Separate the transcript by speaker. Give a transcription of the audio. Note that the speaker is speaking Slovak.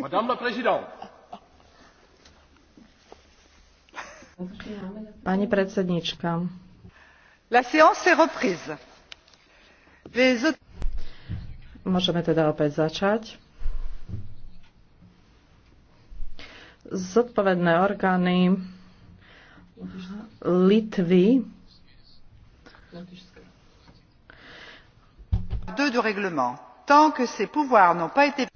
Speaker 1: Madame la présidente.
Speaker 2: Pani predsednička. La séance est reprise. Les... Môžeme teda opäť začať. Zodpovedné orgány Litvy
Speaker 1: peu de règlement tant que ces pouvoirs n'ont pas été.